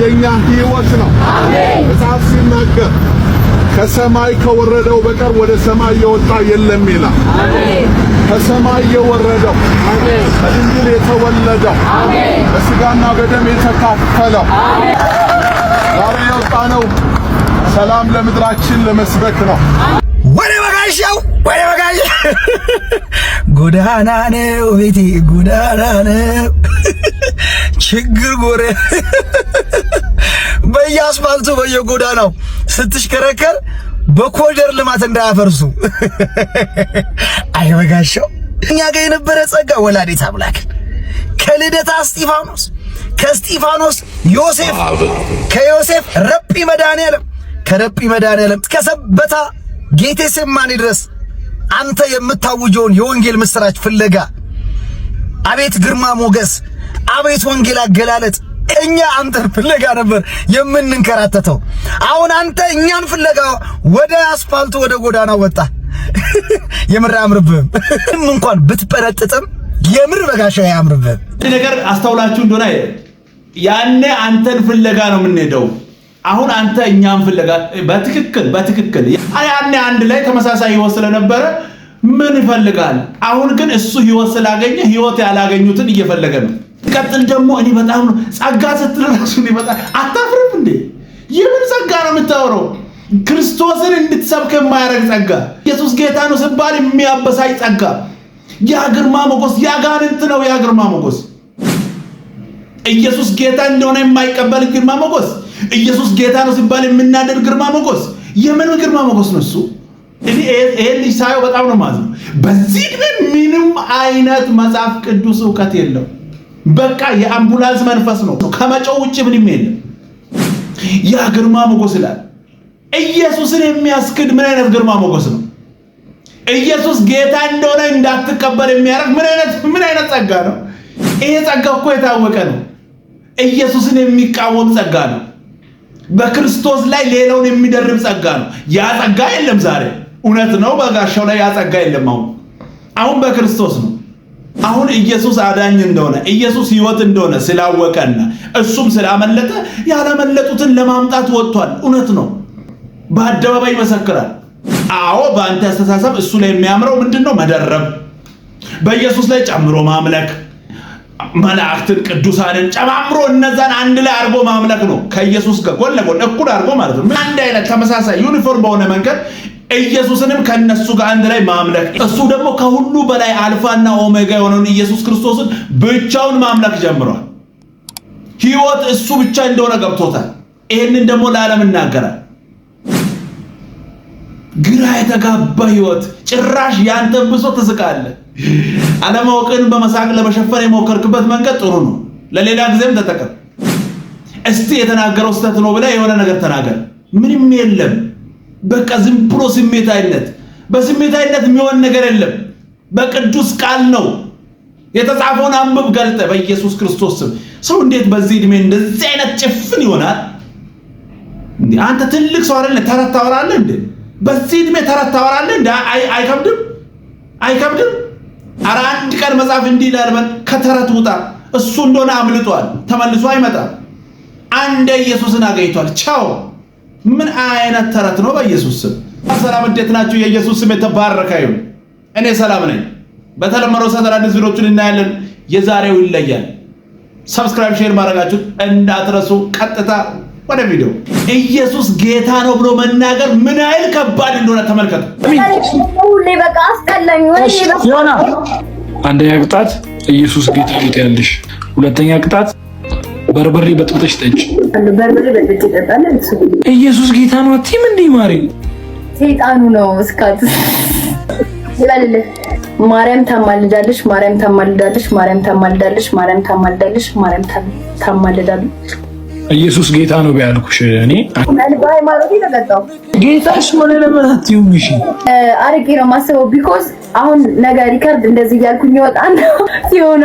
የኛ ሕይወት ነው። መጽሐፍ ሲናገር ከሰማይ ከወረደው በቀር ወደ ሰማይ የወጣ የለም ይላል። ከሰማይ የወረደው በድንግል የተወለደው በስጋና በደም የተካፈለው ዛሬ የወጣነው ሰላም ለምድራችን ለመስበክ ነው። ወደ በጋሻው ወደ በጋሻው ጎዳና ነው ቤቴ ጎዳና ነው ችግር ጎረ በየአስፋልቱ በየጎዳናው ስትሽከረከር በኮሪደር ልማት እንዳያፈርሱ። አይበጋሻው እኛ ጋር የነበረ ጸጋ ወላዴት አምላክ ከልደታ እስጢፋኖስ፣ ከእስጢፋኖስ ዮሴፍ፣ ከዮሴፍ ረጲ መድኃኔዓለም፣ ከረጲ መድኃኔዓለም ከሰበታ ሰበታ ጌቴሴማኒ ድረስ አንተ የምታውጀውን የወንጌል ምስራች ፍለጋ አቤት ግርማ ሞገስ፣ አቤት ወንጌል አገላለጥ እኛ አንተን ፍለጋ ነበር የምንንከራተተው። አሁን አንተ እኛን ፍለጋ ወደ አስፋልቱ ወደ ጎዳና ወጣ። የምር አያምርብህም። እንኳን ብትበረጥጥም የምር በጋሻ አያምርብህም። ነገር አስተውላችሁ እንደሆነ ያኔ አንተን ፍለጋ ነው የምንሄደው። አሁን አንተ እኛን ፍለጋ በትክክል በትክክል ያኔ አንድ ላይ ተመሳሳይ ህይወት ስለነበረ ምን ይፈልጋል? አሁን ግን እሱ ህይወት ስላገኘ ህይወት ያላገኙትን እየፈለገ ነው። ሲቀጥል ደግሞ እኔ በጣም ነው ጸጋ ስትል ራሱ እኔ በጣም አታፍርም እንዴ? የምን ጸጋ ነው የምታወራው? ክርስቶስን እንድትሰብክ የማያደርግ ጸጋ፣ ኢየሱስ ጌታ ነው ስባል የሚያበሳይ ጸጋ፣ ያ ግርማ ሞገስ ያጋንንት ነው። ያ ግርማ ሞገስ ኢየሱስ ጌታ እንደሆነ የማይቀበል ግርማ ሞገስ፣ ኢየሱስ ጌታ ነው ሲባል የምናደር ግርማ ሞገስ፣ የምን ግርማ ሞገስ ነው እሱ? እኔ ይሄን ልጅ ሳየው በጣም ነው ማለት በዚህ ግን ምንም አይነት መጽሐፍ ቅዱስ እውቀት የለው። በቃ የአምቡላንስ መንፈስ ነው። ከመጮው ውጭ ምንም የለም። ያ ግርማ ሞገስ ይላል። ኢየሱስን የሚያስክድ ምን አይነት ግርማ ሞገስ ነው? ኢየሱስ ጌታ እንደሆነ እንዳትቀበል የሚያደርግ ምን አይነት ምን አይነት ጸጋ ነው? ይሄ ጸጋ እኮ የታወቀ ነው። ኢየሱስን የሚቃወም ጸጋ ነው። በክርስቶስ ላይ ሌላውን የሚደርብ ጸጋ ነው። ያ ጸጋ የለም ዛሬ። እውነት ነው። በጋሻው ላይ ያ ጸጋ የለም። አሁን አሁን በክርስቶስ ነው አሁን ኢየሱስ አዳኝ እንደሆነ ኢየሱስ ሕይወት እንደሆነ ስላወቀና እሱም ስላመለጠ ያላመለጡትን ለማምጣት ወጥቷል። እውነት ነው፣ በአደባባይ ይመሰክራል። አዎ፣ በአንተ አስተሳሰብ እሱ ላይ የሚያምረው ምንድን ነው? መደረብ፣ በኢየሱስ ላይ ጨምሮ ማምለክ፣ መላእክትን ቅዱሳንን ጨማምሮ እነዛን አንድ ላይ አድርጎ ማምለክ ነው። ከኢየሱስ ጋር ጎን ለጎን እኩል አድርጎ ማለት ነው። አንድ አይነት ተመሳሳይ ዩኒፎርም በሆነ መንገድ ኢየሱስንም ከነሱ ጋር አንድ ላይ ማምለክ እሱ ደግሞ ከሁሉ በላይ አልፋና ኦሜጋ የሆነውን ኢየሱስ ክርስቶስን ብቻውን ማምለክ ጀምሯል። ህይወት እሱ ብቻ እንደሆነ ገብቶታል። ይህንን ደግሞ ለዓለም እናገራል። ግራ የተጋባ ህይወት ጭራሽ ያንተ ብሶ ትስቃለህ። አለማወቅን በመሳቅ ለመሸፈን የሞከርክበት መንገድ ጥሩ ነው። ለሌላ ጊዜም ተጠቀም። እስቲ የተናገረው ስህተት ነው ብለህ የሆነ ነገር ተናገር። ምንም የለም። በቃ ዝም ብሎ በስሜት አይነት የሚሆን ነገር የለም። በቅዱስ ቃል ነው የተጻፈውን አንብብ ገልጠ በኢየሱስ ክርስቶስ ስም። ሰው እንዴት በዚህ እድሜ እንደዚህ አይነት ጭፍን ይሆናል? እንዴ አንተ ትልቅ ሰው አይደለ? ተረት ታወራለህ እንዴ? በዚህ እድሜ ተረት ታወራለህ እንዴ? አይከብድም? አይከብድም? ኧረ አንድ ቀን መጽሐፍ እንዲህ ይላል፣ ከተረት ውጣ። እሱ እንደሆነ አምልጧል፣ ተመልሶ አይመጣም። አንዴ ኢየሱስን አገኝቷል። ቻው ምን አይነት ተረት ነው? በኢየሱስ ስም ሰላም፣ እንዴት ናችሁ? የኢየሱስ ስም የተባረከ ይሁን። እኔ ሰላም ነኝ። በተለመደው ሰዓት አዳዲስ ቪዲዮዎችን እናያለን። የዛሬው ይለያል። ሰብስክራይብ፣ ሼር ማድረጋችሁ እንዳትረሱ። ቀጥታ ወደ ቪዲዮ። ኢየሱስ ጌታ ነው ብሎ መናገር ምን ያህል ከባድ እንደሆነ ተመልከቱ። አንደኛ ቅጣት ኢየሱስ ጌታ ነው ያለሽ፣ ሁለተኛ ቅጣት በርበሬ በጥብጠሽ ጠጭ። ኢየሱስ ጌታ ነው አትይም እንዴ? ማሪ ሰይጣኑ ነው እስካት ይበልልህ። ማርያም ታማልዳለች፣ ማርያም ታማልዳለች፣ ማርያም ታማልዳለች፣ ማርያም ታማልዳለች፣ ማርያም ታማልዳለች። ኢየሱስ ጌታ ነው ቢያልኩሽ እኔ በሃይማኖት ተቀጣሁ። ጌታሽ ሆነ ለምን አትይውም? እሺ አርቄ ነው የማስበው ቢኮዝ አሁን ነገ ሪከርድ እንደዚህ እያልኩኝ ይወጣና ሲሆና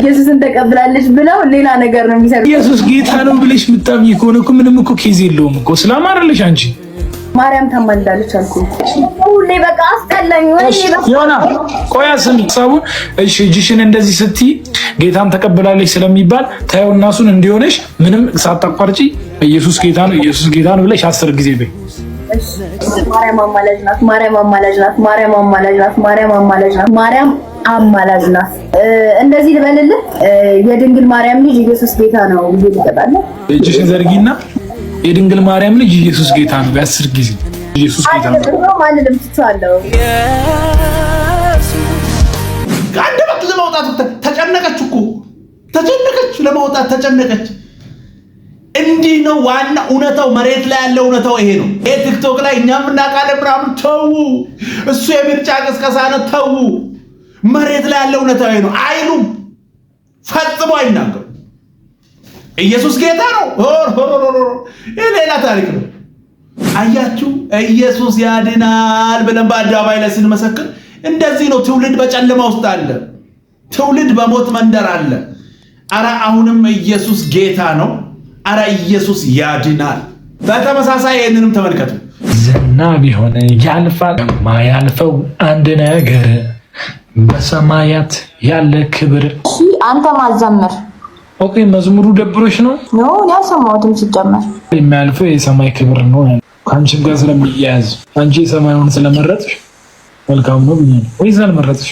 ኢየሱስን ተቀብላለች ብለው ሌላ ነገር ነው የሚሰሩት። ኢየሱስ ጌታ ነው ብለሽ የምታምኚ ከሆነ እኮ ምንም እኮ ኬዝ የለውም እኮ ስላማረልሽ አንቺ ማርያም ታማልዳለች አልኩ። ሁሌ በቃ አስጠላኝ። ሆና ቆያ ስም ሀሳቡን እሺ። እጅሽን እንደዚህ ስትይ ጌታን ተቀብላለች ስለሚባል ታየው እናሱን እንዲሆነሽ ምንም ሳታቋርጪ ኢየሱስ ጌታ ነው፣ ኢየሱስ ጌታ ነው ብለሽ አስር ጊዜ በይ ማርያም አማላጅ ናት። ማርያም አማላጅ ናት። ማርያም አማላጅ ናት። ማርያም አማላጅ ናት። ማርያም አማላጅ ናት። እንደዚህ ልበልልህ፣ የድንግል ማርያም ልጅ ኢየሱስ ጌታ ነው ብዬ እጅሽን ዘርጊና የድንግል ማርያም ልጅ ኢየሱስ ጌታ ነው በአስር ጊዜ ኢየሱስ ጌታ ነው ማንንም ለማውጣት ተጨነቀች እኮ ተጨነቀች፣ ለማውጣት ተጨነቀች። እንዲህ ነው ዋና እውነታው፣ መሬት ላይ ያለው እውነታው ይሄ ነው። ይሄ ቲክቶክ ላይ እኛም እናቃለን ምናምን ተዉ፣ እሱ የምርጫ ቅስቀሳ ነው ተዉ። መሬት ላይ ያለው እውነታው ይሄ ነው ይሄ ቲክቶክ ላይ እኛ እናቃለን ምናምን ተዉ እሱ የምርጫ ቅስቀሳ ነው ተዉ መሬት ላይ ያለው እውነታው ይሄ ነው አይሉም ፈጽሞ አይናገሩ። ኢየሱስ ጌታ ነው ይህ ሌላ ታሪክ ነው። አያችሁ፣ ኢየሱስ ያድናል ብለን በአደባባይ ላይ ስንመሰክር እንደዚህ ነው። ትውልድ በጨለማ ውስጥ አለ። ትውልድ በሞት መንደር አለ። አረ አሁንም ኢየሱስ ጌታ ነው። አረ ኢየሱስ ያድናል። በተመሳሳይ ይህንንም ተመልከቱ። ዝና ቢሆን ያልፋል፣ ማያልፈው አንድ ነገር በሰማያት ያለ ክብር። አንተ ማዘምር ኦኬ። መዝሙሩ ደብሮች ነው ነው ሲጨመር የሚያልፈው የሰማይ ክብር ነው ከአንቺም ጋር ስለሚያያዝ አንቺ የሰማዩን ስለመረጥሽ መልካም ነው ብዬ ነው ወይስ አልመረጥሽ?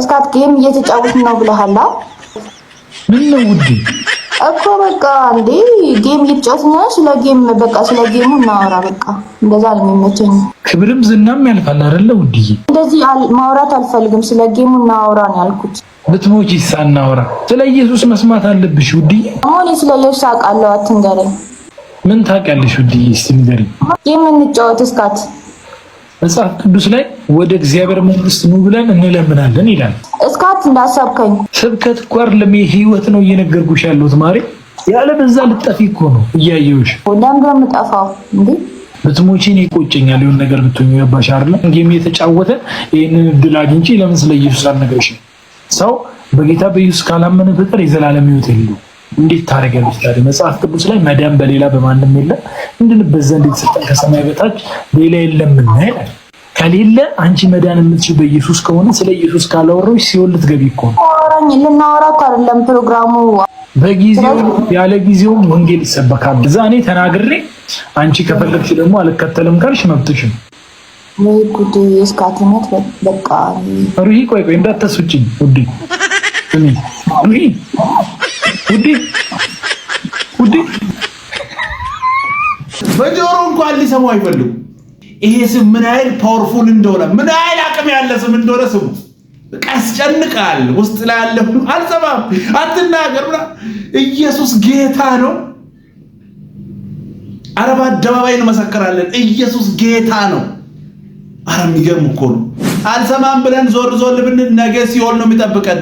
እስካት ጌም እየተጫወት ነው ብለሃል። ምን ነው ውዴ እኮ በቃ እንዴ ጌም እየተጫወትን ነው። ስለ ጌም በቃ ስለ ጌሙ እናወራ። በቃ እንደዛ ነው የሚመቸኝ። ክብርም ዝናም ያልፋል አይደለ? ውድዬ እንደዚህ ማውራት አልፈልግም። ስለ ጌሙ እናወራ ነው ያልኩት። ብትሞች ሳናወራ ስለ ኢየሱስ መስማት አለብሽ ውድዬ። አሁን ስለ ኢየሱስ አውቃለሁ፣ አትንገረኝ። ምን ታውቂያለሽ ውድዬ? እስኪ ንገሪኝ። ጌም እንጫወት እስካት መጽሐፍ ቅዱስ ላይ ወደ እግዚአብሔር መንግስት ኑ ብለን እንለምናለን ይላል። እንዳሰብከኝ ስብከት ጓር ለሚ ህይወት ነው እየነገርኩሽ ያለሁት ማሬ። ያለ በዛ ልጠፊ እኮ ነው እያየሁሽ። ወዳም ጋር የምጠፋው እንዴ ብትሞቺ እኔ ይቆጨኛል። የሆነ ነገር ብትሆኚ ገባሽ አለ እንግዲህ የተጫወተ ይሄንን እድል አግኝቼ ለምን ስለ ኢየሱስ አልነግርሽም? ሰው በጌታ በኢየሱስ ካላመነ ፍጥር የዘላለም ህይወት የለውም። እንዴት ታደርጊያለሽ ታዲያ? መጽሐፍ ቅዱስ ላይ መዳን በሌላ በማንም የለም እንድንበት እንዴት የተሰጠን ከሰማይ በታች ሌላ የለምና ይላል። ከሌለ አንቺ መዳን የምትችል በኢየሱስ ከሆነ ስለ ኢየሱስ ካላወራሁሽ ሲኦል ልትገቢ እኮ ነው። አወራኝ ልናወራ እኮ አይደለም ፕሮግራሙ። በጊዜው ያለ ጊዜውም ወንጌል ይሰበካል። እዛ እኔ ተናግሬ አንቺ ከፈለግሽ ደግሞ አልከተልም ካልሽ መብትሽ ወይ ጉድ እስካትነት በቃ ሩሂ፣ ቆይ ቆይ እንዳትስጭኝ ውዴ፣ ሩሂ፣ ውዴ፣ ውዴ በጆሮ እንኳን ሊሰሙ አይፈልጉ ይሄ ስም ምን ያህል ፓወርፉል እንደሆነ ምን ያህል አቅም ያለ ስም እንደሆነ ስሙ። በቃ ያስጨንቃል። ውስጥ ላይ ያለ አልሰማም፣ አትናገር ኢየሱስ ጌታ ነው። አረ በአደባባይ እንመሰክራለን፣ ኢየሱስ ጌታ ነው። አረ የሚገርም እኮ ነው። አልሰማም ብለን ዞር ዞር ብንል ነገ ሲሆን ነው የሚጠብቀን።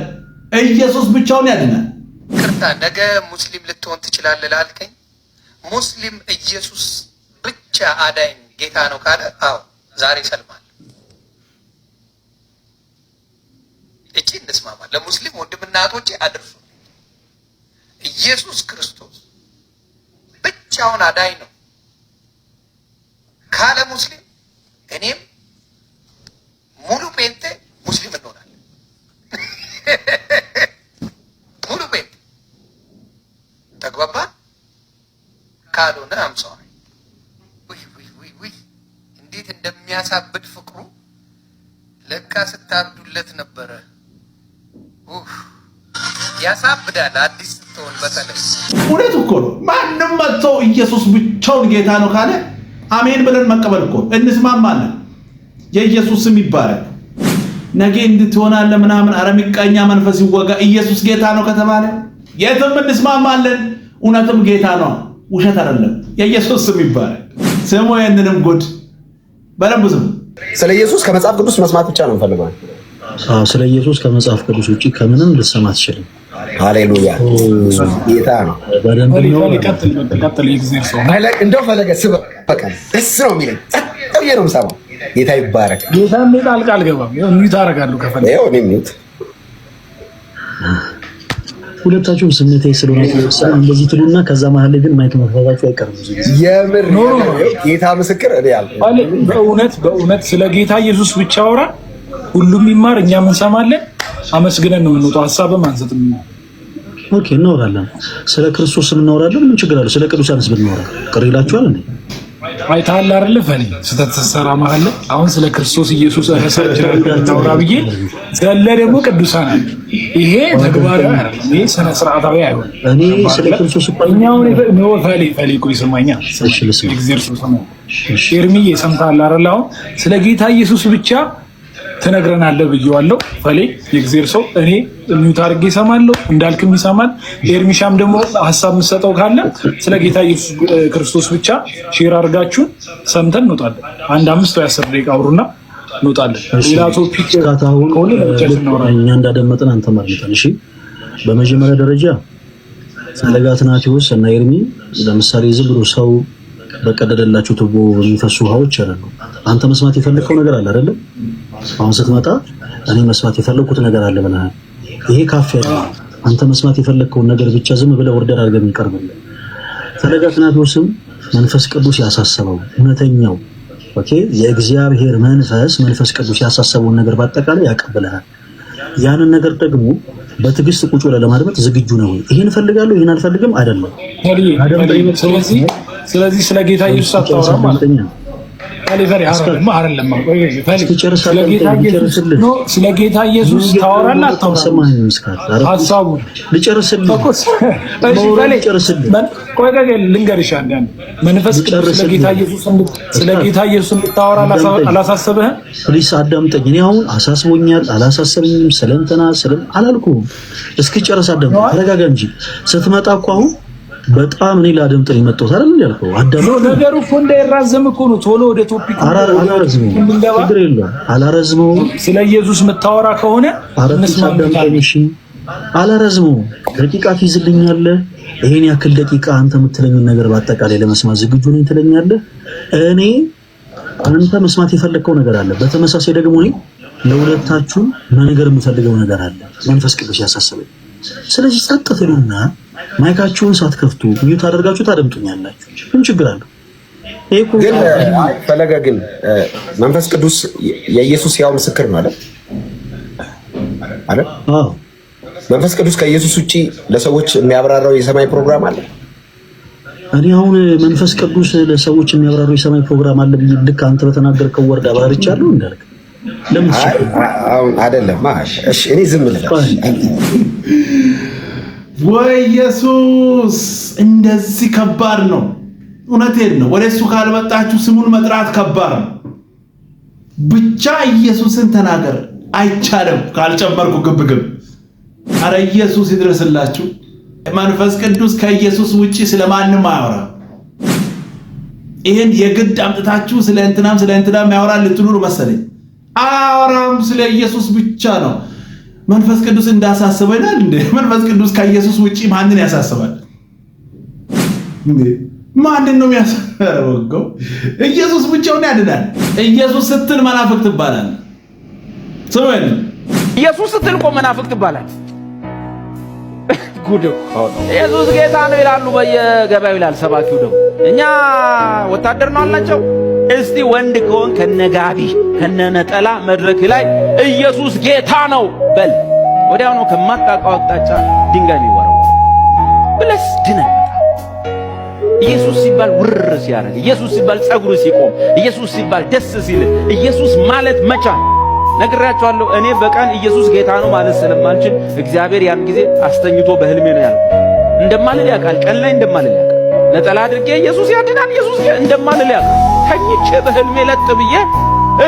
ኢየሱስ ብቻውን ያድናል። ቅርታ ነገ ሙስሊም ልትሆን ትችላለህ ላልከኝ ሙስሊም ኢየሱስ ብቻ አዳኝ ጌታ ነው ካለ አዎ ዛሬ ይሰልማል። እቺ እንስማማ። ለሙስሊም ወንድም እናቶች አድርሱ። ኢየሱስ ክርስቶስ ብቻውን አዳኝ ነው ካለ ሙስሊም እኔም ሙሉ ጴንጤ ሙስሊም እንሆናለን። ሙሉ ጴንጤ ተግባባ ካልሆነ አምሰዋል እንዴት እንደሚያሳብድ ፍቅሩ ለካ ስታብዱለት ነበረ። ያሳብዳል። አዲስ ስትሆን በተለይ እውነት እኮ ነው። ማንም መጥተው ኢየሱስ ብቻውን ጌታ ነው ካለ አሜን ብለን መቀበል እኮ እንስማማለን። የኢየሱስ ስም ይባላል። ነገ እንድትሆናለ ምናምን አረሚቃኛ መንፈስ ይወጋ። ኢየሱስ ጌታ ነው ከተባለ የትም እንስማማለን። እውነትም ጌታ ነው፣ ውሸት አይደለም። የኢየሱስ ስም ይባላል። ስሙ ይህንንም ጉድ በደንብ ብዙ ስለ ኢየሱስ ከመጽሐፍ ቅዱስ መስማት ብቻ ነው እንፈልገዋል። ስለ ኢየሱስ ከመጽሐፍ ቅዱስ ውጭ ከምንም ልሰማ አትችልም። ሃሌሉያ ጌታ ነው። እንደው ፈለገ ስበቃ ደስ ነው የሚለኝ ብዬ ነው የምሰማው። ጌታ ይባረክ። ጌታ ጣልቃ አልገባም። ሚዩት አደርጋለሁ ከፈለገ ሚዩት ሁለታችሁም ስሜታዊ ስለሆነ እንደዚህ ትሉና ከዛ መሀል ግን ማይክ መፍታታችሁ አይቀርም። የምር ጌታ ምስክር በእውነት በእውነት ስለ ጌታ ኢየሱስ ብቻ አውራ ሁሉም ይማር፣ እኛም እንሰማለን፣ አመስግነን ነው የምንወጣው። ሀሳብም አንሰጥም። ኦኬ እናወራለን፣ ስለ ክርስቶስ እናወራለን። ምን ችግር አለ? ስለ ቅዱሳንስ ብናወራ ቅር ይላችኋል? አይተሃል አይደለ? ፈኒ ስህተት ስትሰራ መሀል ላይ አሁን ስለ ክርስቶስ ኢየሱስ ረሰብ ብዬ ዘለ ደግሞ ቅዱሳን አለ። ይሄ ይሄ ስነ ስርዓታዊ አይሆን። ፈሌ ፈሌ ቆይ ስማኛ ኤርሚዬ ሰምተሃል አይደለ? አሁን ስለ ጌታ ኢየሱስ ብቻ ትነግረናለህ ብዬዋለሁ። ፈሌ የእግዜር ሰው እኔ ሚዩት አድርጌ ይሰማለሁ፣ እንዳልክም ይሰማል። ኤርሚሻም ደግሞ ሀሳብ የምሰጠው ካለ ስለ ጌታ ኢየሱስ ክርስቶስ ብቻ ሼር አድርጋችሁን ሰምተን እንወጣለን። አንድ አምስት ወይ አስር ደቂቃ አውሩና እንወጣለን። ሌላ ቶፒክ ከሆነ እኛ እንዳደመጥን አንተ ማድመጠን። እሺ በመጀመሪያ ደረጃ ፈለገ አትናቴዎስ እና ኤርሚ ለምሳሌ ዝም ብሎ ሰው በቀደደላቸው ቱቦ የሚፈሱ ውሃዎች አሉ። አንተ መስማት የፈለግከው ነገር አለ አይደለም አሁን ስትመጣ እኔ መስማት የፈለግኩት ነገር አለ ብለሃል። ይሄ ካፌ አንተ መስማት የፈለግከውን ነገር ብቻ ዝም ብለህ ወርደር አድርገህ የሚቀርብልህ ተለጋትናቶስም መንፈስ ቅዱስ ያሳሰበው እውነተኛው ኦኬ የእግዚአብሔር መንፈስ መንፈስ ቅዱስ ያሳሰበውን ነገር በአጠቃላይ ያቀብልሃል። ያንን ነገር ደግሞ በትዕግስት ቁጭ ብለህ ለማድመጥ ዝግጁ ነው። ይሄን ፈልጋለሁ፣ ይሄን አልፈልግም አይደለም። ስለዚህ ስለ ጌታ ኢየሱስ አታወራም ማለት ነው። ስለ ጌታ ኢየሱስ ታወራለህ መንፈስ ስለ ጌታ ኢየሱስ እንድታወራ አላሳሰበህም? ፕሊስ አዳምጠኝ። እኔ አሁን አሳስቦኛል እስኪ ጨርስ፣ አዳምጠኝ። ተረጋጋ እንጂ ስትመጣ እኮ አሁን በጣም እኔ ላደምጥ የመጣሁት አይደል እንዴ? አልከው አዳም ነገሩ እኮ እንዳይራዘም እኮ ነው። ቶሎ ወደ ቶፒክ አላረዝመው፣ ችግር የለውም አላረዝመው። ስለ ኢየሱስ የምታወራ ከሆነ እንስማማሽ። አላረዝመው፣ ደቂቃ ትይዝልኛለህ። ይሄን ያክል ደቂቃ አንተ የምትለኝን ነገር በአጠቃላይ ለመስማት ዝግጁ ነኝ ትለኛለህ። እኔ አንተ መስማት የፈለግከው ነገር አለ። በተመሳሳይ ደግሞ እኔ ለሁለታችሁ መንገር የምፈልገው ነገር አለ፣ መንፈስ ቅዱስ ያሳሰበኝ። ስለዚህ ጸጥ ትሉና ማይካችሁን ሳትከፍቱ ሚዩት አደርጋችሁ ታደምጡኛላችሁ። ምን ችግር አለው? ግን ፈለገ ግን መንፈስ ቅዱስ የኢየሱስ ያው ምስክር ነው አይደል? አይደል? አዎ። መንፈስ ቅዱስ ከኢየሱስ ውጪ ለሰዎች የሚያብራራው የሰማይ ፕሮግራም አለ። እኔ አሁን መንፈስ ቅዱስ ለሰዎች የሚያብራራው የሰማይ ፕሮግራም አለ ብዬ ልክ አንተ በተናገርከው ወርዳ ባርቻለሁ እንዳልክ ለምን አይደለም? እሺ እኔ ዝም ልበል ወይ ኢየሱስ እንደዚህ ከባድ ነው። እውነቴን ነው። ወደ እሱ ካልመጣችሁ ስሙን መጥራት ከባድ ነው። ብቻ ኢየሱስን ተናገር አይቻልም፣ ካልጨመርኩ ግብግብ። አረ ኢየሱስ ይድረስላችሁ። መንፈስ ቅዱስ ከኢየሱስ ውጪ ስለማንም አያወራ። ይህን የግድ አምጥታችሁ ስለ እንትናም ስለ እንትናም ያወራል ልትሉ መሰለኝ። አያወራም፣ ስለ ኢየሱስ ብቻ ነው። መንፈስ ቅዱስ እንዳሳስበ ይላል እንዴ? መንፈስ ቅዱስ ከኢየሱስ ውጪ ማንን ያሳስባል ማንን ነው የሚያሳርበው? ኢየሱስ ብቻውን ያድናል። ኢየሱስ ስትል መናፍቅ ትባላል። ስሙን ኢየሱስ ስትል እኮ መናፍቅ ትባላል። ጉድ ኢየሱስ ጌታ ነው ይላሉ፣ በየገበያው ይላል ሰባኪው። ደግሞ እኛ ወታደር ነው አላቸው እስቲ ወንድ ከሆን ከነጋቢ ከነነጠላ መድረክ ላይ ኢየሱስ ጌታ ነው በል። ወዲያው ነው ከማታውቀው አቅጣጫ ድንጋይ የሚወረወር ብለስ ድነህ ኢየሱስ ሲባል ውር ሲያደርግ፣ ኢየሱስ ሲባል ጸጉሩ ሲቆም፣ ኢየሱስ ሲባል ደስ ሲል፣ ኢየሱስ ማለት መቻል ነግራቸዋለሁ። እኔ በቀን ኢየሱስ ጌታ ነው ማለት ስለማልችል እግዚአብሔር ያን ጊዜ አስተኝቶ በህልሜ ነው ያለው። እንደማልል ያውቃል፣ ቀን ላይ እንደማልል ነጠላ አድርጌ ኢየሱስ ያድናል ኢየሱስ እንደማልል ያለ ተኝቼ በህልሜ ለጥ ብዬ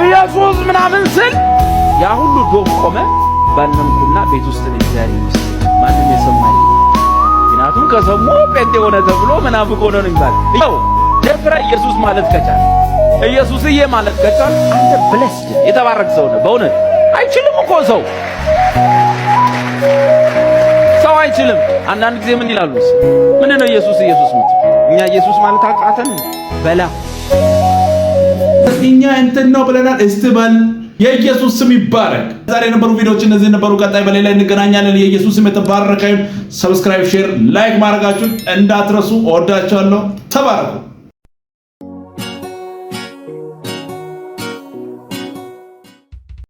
ኢየሱስ ምናምን ስል ያ ሁሉ ዶም ቆመ። ባነምኩና ቤት ውስጥ ነው እግዚአብሔር ይመስገን ማንም የሰማኝ ምክንያቱም ከሰሙ ጴንጤ ሆነ ተብሎ ምናፍቅ ሆነ ነው ይባል ይው ደፍረ ኢየሱስ ማለት ከቻል ኢየሱስዬ ማለት ከቻል አንተ ብለስድ የተባረክ ሰው ነው። በእውነት አይችልም እኮ ሰው ሰው አይችልም። አንዳንድ ጊዜ ምን ይላሉ? ምን ነው ኢየሱስ ኢየሱስ ምት እኛ ኢየሱስ ማለት አቃተን በላ እኛ እንትን ነው ብለናል። እስቲ በል የኢየሱስ ስም ይባረክ። ዛሬ የነበሩ ቪዲዮዎች እነዚህ ነበሩ። ቀጣይ በሌላ እንገናኛለን። የኢየሱስ ስም የተባረከ። ሰብስክራይብ፣ ሼር፣ ላይክ ማድረጋችሁን እንዳትረሱ። እወዳችኋለሁ። ተባረኩ።